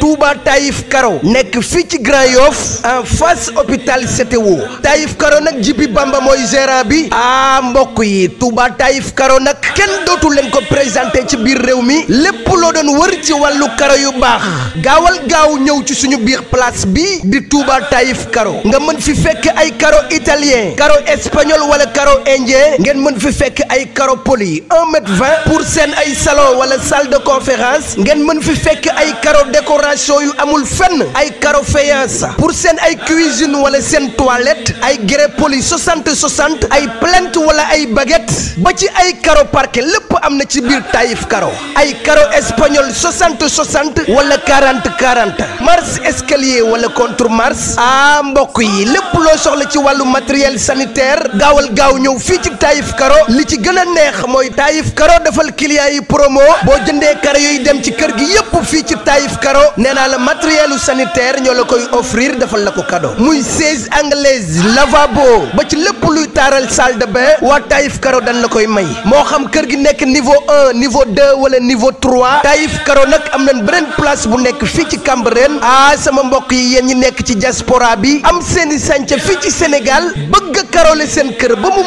Touba Taïf Karo nekk fii ci Grand Yoff en face hôpital CTO Taïf Karo nag Jibi Bamba mooy gérant bi ah mbokk yi Touba Taïf Karo nag kenn dootu leen ko présenté ci biir réew mi lépp loo doon wër ci wàllu karo yu baax gaawal gaaw ñëw ci suñu biir place bi di Touba Taïf nga mën fi fekk ay karo italien karo espagnol wala karo indien ngeen mën fi fekk ay karo poli 1 mètre pour seen ay salon wala salle de conférence ngeen mën fi fekk ay karo décoration yu amul fenn ay karo faïence pour seen ay cuisine wala seen toilette ay grès poli 60 60 ay plinthe wala ay baguette ba ci ay karo parquet lépp am na ci biir Taïf Karo ay karo espagnol 60 60 wala 40 40 marche escalier wala contre marche ah mbokk yi lépp loo soxla ci wàllu matériel sanitaire gaawal gaaw ñëw fii Taïf Karo li ci gën a neex mooy Taïf Karo defal clients yi promo boo jëndee karo yooyu dem ci kër gi yépp fii ci Taïf Karo nee naa la matériel sanitaire ñoo la koy offrir defal la ko cadeau muy siège anglaise lavabo ba ci lépp luy taaral salle de bain waa Taïf Karo dañ la koy may moo xam kër gi nekk niveau un niveau deux wala niveau trois Taïf Karo nag am nañ beneen place bu nekk fii ci Cambérène ah sama mbokk yi yéen ñi nekk ci diaspora bi am seeni sànca fii ci Sénégal bëgg a karole seen kër ba mu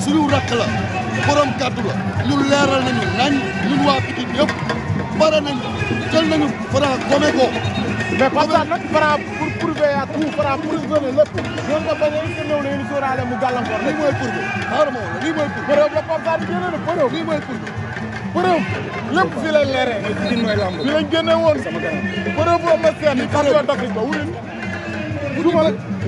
suñu rakk la borom kàddu la ñu leeral nañu nañ ñun waa Pikine yëpp pare nañ jël nañu Franc gome ko mais Pape Sarr nag Franc pour prouver à tout Franc a la yéen sóoraale mu gàllankoor lii mooy prouver xaaral ma lii mooy prouver preuve la Pape Sarr bi génne na preuve lii mooy prouver preuve lépp fii lay leeree fii lañ génne woon preuve boo ma seen champion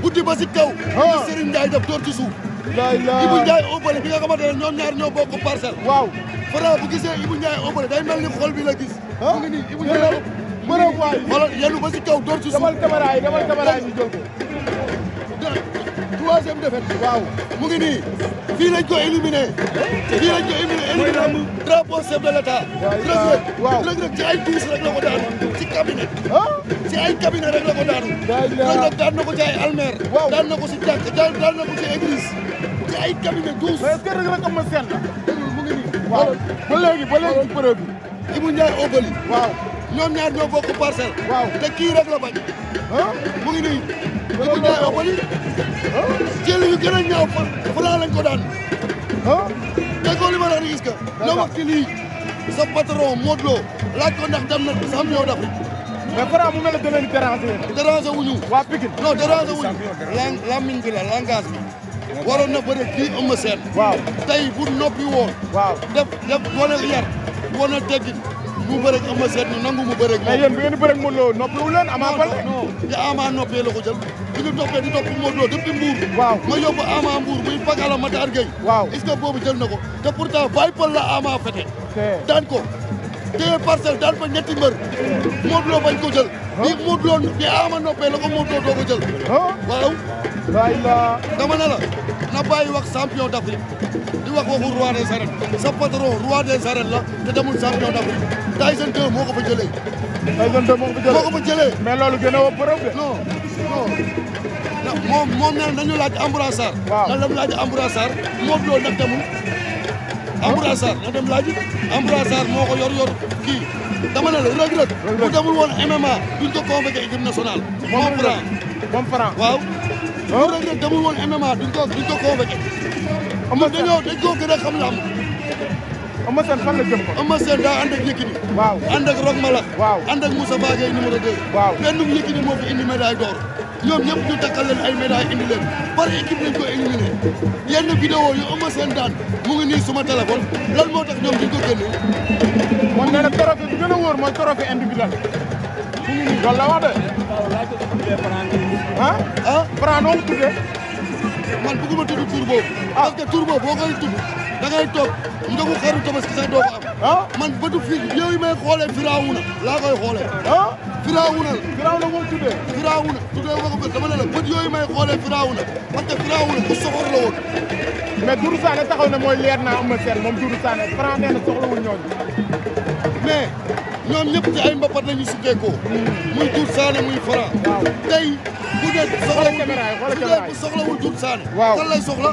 d'Afrique si kaw ah. Serigne def door ci suuf Ibou Ndiaye Obeuly bi nga xamante ne ñoom ñaar ñoo bokk parcelle waaw Franc gisee Ibou Ndiaye Obeuly day mel ni xol bi la gis ah. mu ngi nii Ibou Ndiaye bërëb waay wala yelu ba si kaw door ci suuf demal caméra yi demal caméra yi ñu jël ko troisième défaite mu ngi nii fii lañ ko fii lañ ko éliminé éliminé drapeau chef de l'État rëg rëg rëg rëg ci ay douche rek la ko daanu ci cabinet ah. ci ay cabinet rek la ko daanu rëg rëg daan na ko ci ay almer daan na ko si jàkk daan na ko ci église ci ay cabinet douze. mais est ce que rek rek am na seen la. mu ngi nii waaw ba léegi ba léegi ci preuve bi. Ibou Ndiaye Obali. waaw ñoom ñaar ñoo bokk parcelle. waaw te kii rek la bañ. ah mu ngi nii. Ibou Ndiaye Obali. ah jëli yu gën a ñaaw fa fulaa lañ ko daan. ah déggoo li ma la gis que. la wax ci lii sa patron Modou Lo laaj ko ndax dem na champion d'Afrique. mais Fra mu mel ne da leen déranger. déranger wuñu. waa Pikine non déranger wuñu. lan lamiñ bi la langage bi. waroon na bëre kii Eumeu Sène. waaw tey bu noppi woon. waaw def def wane yar wane teggin mu bëre ak Eumeu Sène ñu nangu mu bëre ak. mais yéen bi ngeen di bëre ak Modou Lo noppiwul leen Ama Baldé. non non Ama noppee la ko jël. bi ñu toppee di topp Modou Lo depuis Mbour. waaw ma yóbbu Ama Mbour muy Pakala Matar Gueye. waaw est-ce jël na ko te pourtant bàyyi pël la Ama fete. daan ko téye parcelle daan fa ñetti mbër. Modou Lo bañ ko jël. bi Modou Lo bi Ama noppee la ko Modou Lo la dama ne la na bàyyi wax champion d'Afrique di wax waxu roi des arènes sa patron roi des arènes la te demul champion d'Afrique Tyson 2 moo ko fa jëlee. Tyson 2 moo ko fa jëlee moo ko fa jëlee. mais loolu gën a woo preuve de. non non ndax moom moom nee nañu laaj Ambroise Sarr. waaw lan la mu laaj Ambroise Sarr moom loolu nag demul. Ambroise Sarr na dem laaj Ambroise moo ko yor yor kii dama ne la rëgg-rëgg. demul woon MMA duñ ko convoqué nationale. moom Franc waaw. bu Reug Reug demul woon MMA duñ ko duñ ko convoqué. Eumeu Sène dañoo dañ koo gën a xam lamb. Eumeu Sène fan la jëm ko. Eumeu Sène daa ànd ak Yékini. waaw ànd ak Rock Mala. waaw ànd ak Moussa Gueye numéro 2. waaw benn Yékini moo fi indi médaille d'or. ñoom ñëpp ñu takkal leen ay médailles indi leen par équipe lañ ko éliminé yenn vidéo yu Eumeu Sène daan mu ngi nii suma téléphone lan moo tax ñoom duñ ko génne. moom nee na trophée bi gën a loolu la wax de. ah ah Franc noonu tuddee. man bëgguma tudd tur boobu. Ah. parce que tur boobu boo koy tudd da ngay toog ndogu xaru tabaski sax doo ko am. ah man bëtu fii yooyu may xoolee Firawuna laa koy xoolee. ah Firawuna la. Firawuna moo tuddee. Firawuna tuddee moo ko bët dama ne la bët yooyu may xoolee Firawuna parce que Firawuna ku soxor la woon. mais Doudou Sané taxaw na mooy leer naa am na seen moom Doudou Sané Franc nee na ñoom ñëpp ci ay mbapat la ñu sukkeekoo muy Doudou Sané muy Franc tey bu dee soxlawul bu dee soxlawul Doudou Sané waaw lan lay soxla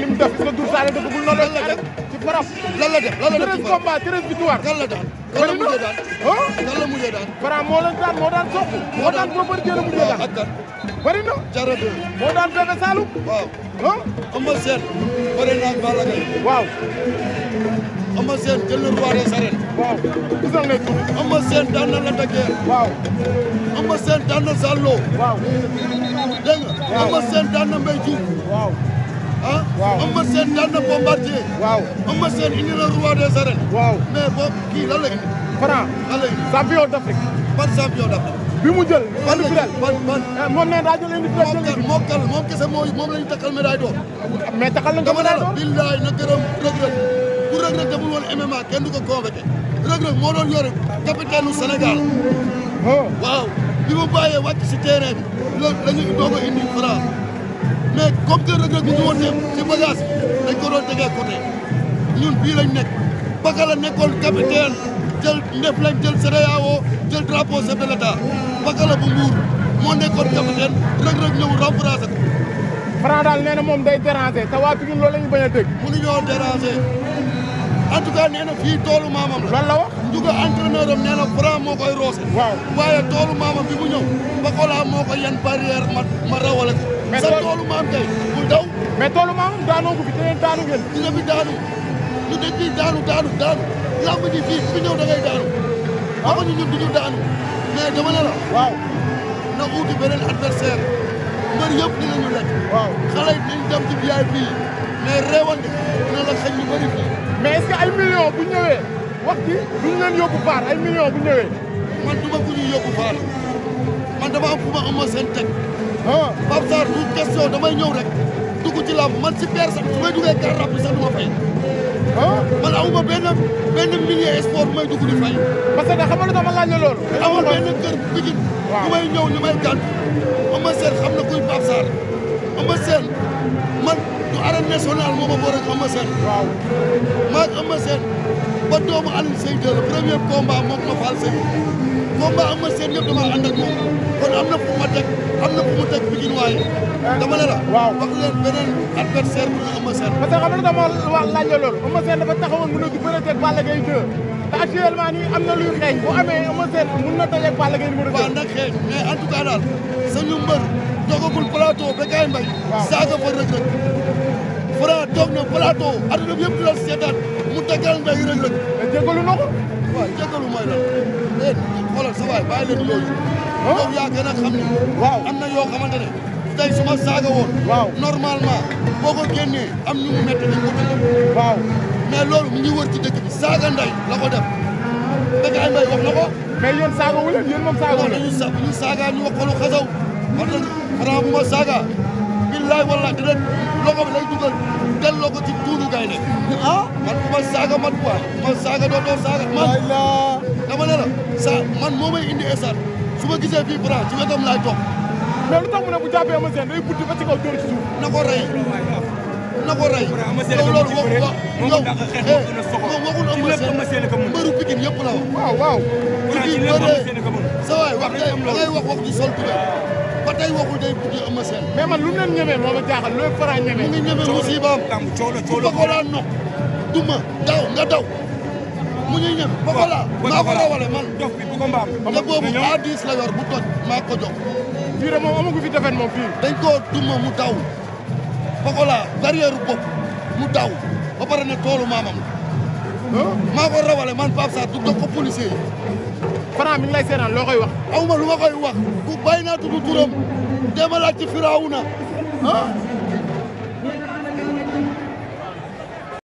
li mu def nga Doudou Sané defagul noonu lan la def ci Franc lan la def lan la def ci Franc 13 combats 13 victoires kan la daan kan la mujjee daan kan la mujjee daan moo leen daan moo daan soxla moo daan Bombardier la mujjee daan ak kan bëri na jara moo daan Bébé Saloum waaw ah Eumeu Sène bëri na ak Balla Eumeu Sène jël na roi des arènes. waaw gis nañ leen tuuti. Eumeu Sène daan na Lac de Guiers. waaw. Eumeu Sène daan na nga. waaw Eumeu Sène daan na Mbaye Diouf. waaw. ah. waaw Eumeu Sène daan na Bombardier. waaw Eumeu kii lan la indi. Franc lan la indi. champion d'Afrique. ban champion d'Afrique. bi mu jël. ban lañ ban ban eh, moom nee daa jël individuel jël. moom kal moom kese moom moom la ñu takkal médaille dama ne la na gërëm rëg Reug Reug demul woon MMA kenn du ko convoqué Reug Reug moo doon yore capitaine u Sénégal waaw bi mu bàyyee wàcc si terrain bi loolu la ñu doog a indi Fra mais comme que Reug Reug bu ñu wootee si bagage dañ ko doon tegee côté ñun bii lañ nekk Baka la nekkoon capitaine jël ndef lañ jël CEDEAO jël drapeau chef de l'État Baka la bu Mbuur moo ko Fra daal na moom day déranger te waa Pikine loolu la ñu bañ a dégg en tout cas fii toolu maamam la. loolu la wax Ndiouga moo koy roose. waaye toolu maamam bi mu ñëw Pokola moo ko yan barrière ma ma sa toolu maam kay bu daw. toolu maamam daanoo ko fi te ngeen daanu ngeen. daanu ñu dañ fi daanu daanu daanu fii fi ñëw da daanu. waaw ah. ñu ñun du daanu mais dama na uuti beneen adversaire mbër yëpp dinañu lekk. waaw xale yi dinañ dem ci VIP mais réewante dina la xëy ñu bëri fii. mais est-ce que ay millions bu ñëwee wax ji duñ leen yóbbu baar ay millions bu ñëwee. man du ku ñuy yóbbu baar man dama am fu ma amoon seen teg. ah Pape Sarr du question damay ñëw rek dugg ci làmb man si père sax su may duggee car rapide sax du fay. ah man amuma benn benn millier sport bu may dugg di fay. parce que xam nga lu tax amul benn kër bu may ñëw ñu may gàtt Eumeu Sène xam na kuy Pape Sarr. Eumeu Sène man du arène nationale moo ma boole ak Eumeu Sène. waaw maa ngi Eumeu ba doomu Alioune Seye de la premier combat moom ma faal Seye combat Eumeu Sène yëpp dama ànd moom kon am na fu ma teg am na fu mu teg Pikine waaye dama ne la. waaw wax leen beneen adversaire bu ne Eumeu Sène. parce xam nga dama wax laaj la loolu Eumeu Sène dafa taxawoon mën a bëreet ak Balla Gaye 2 te actuellement nii am na luy xeeñ bu amee Eumeu mun na dajeeg Balla Gaye 2. waaw nag xeeñ mais en toogagul plateau Bécaye Mbaye saaga fa Reug Reug toog na plateau adduna bi yëpp di la mu tegal Mbaye Reug Reug jégalu na ko waaw jégalu mooy lan léen eh, xoolal sa waay bàyyi leen yooyu moom yaa gën a xam ne waaw am na yoo xamante ne tey su ma saaga woon waaw normalement boo ko génnee am ñu mu métti dañ ko dëgg waaw mais loolu mu ngi wër ci dëkk bi saaga nday la ko def Bécaye Mbaye wax na ko mais saaga wu leen yéen moom saaga wu leen ñu saaga ñu wax ko lu xasaw wax na xanaa bu ma saaga billaay wala dina loxo bi lay dugal delloo ko ci tuuru gaynde ah man bu ma saaga man waay bu ma saaga doo doo saaga man dama ne sa man moo may indi esat su gisee fii Franc ci wetam laay toog mais lu tax mu ne bu jàppee Eumeu Sène ci kaw dóor ci na ko rey na ko rey loolu loolu waxu wax yow moom waxul Eumeu Sène eh, mbëru Pikine yëpp la waaw waaw Pikine bëree sa waay wax day wax wax ju sol tubéy tey waxul day bëgg Eumeu Sène. mais man lu mu leen ñemee moo ma jaaxal lu leen Franc ñemee. mu ngi ñeme musibaam coolo coolo Pokola noq duma daw nga daw. mu ngi ñem Pokola maa ko rawale man. jox bi a dix la yor bu toj maa ko jox. fii de moom amagu fi defeen moom fii. dañ koo duma mu daw. Pokola barrière bopp mu daw ba pare ne toolu maamam. maa ko rawale man Pape Sarr du toog ko policier Franc mi ngi lay koy wax. aw ma wax. bu bàyyi naa tudd Firawuna ah.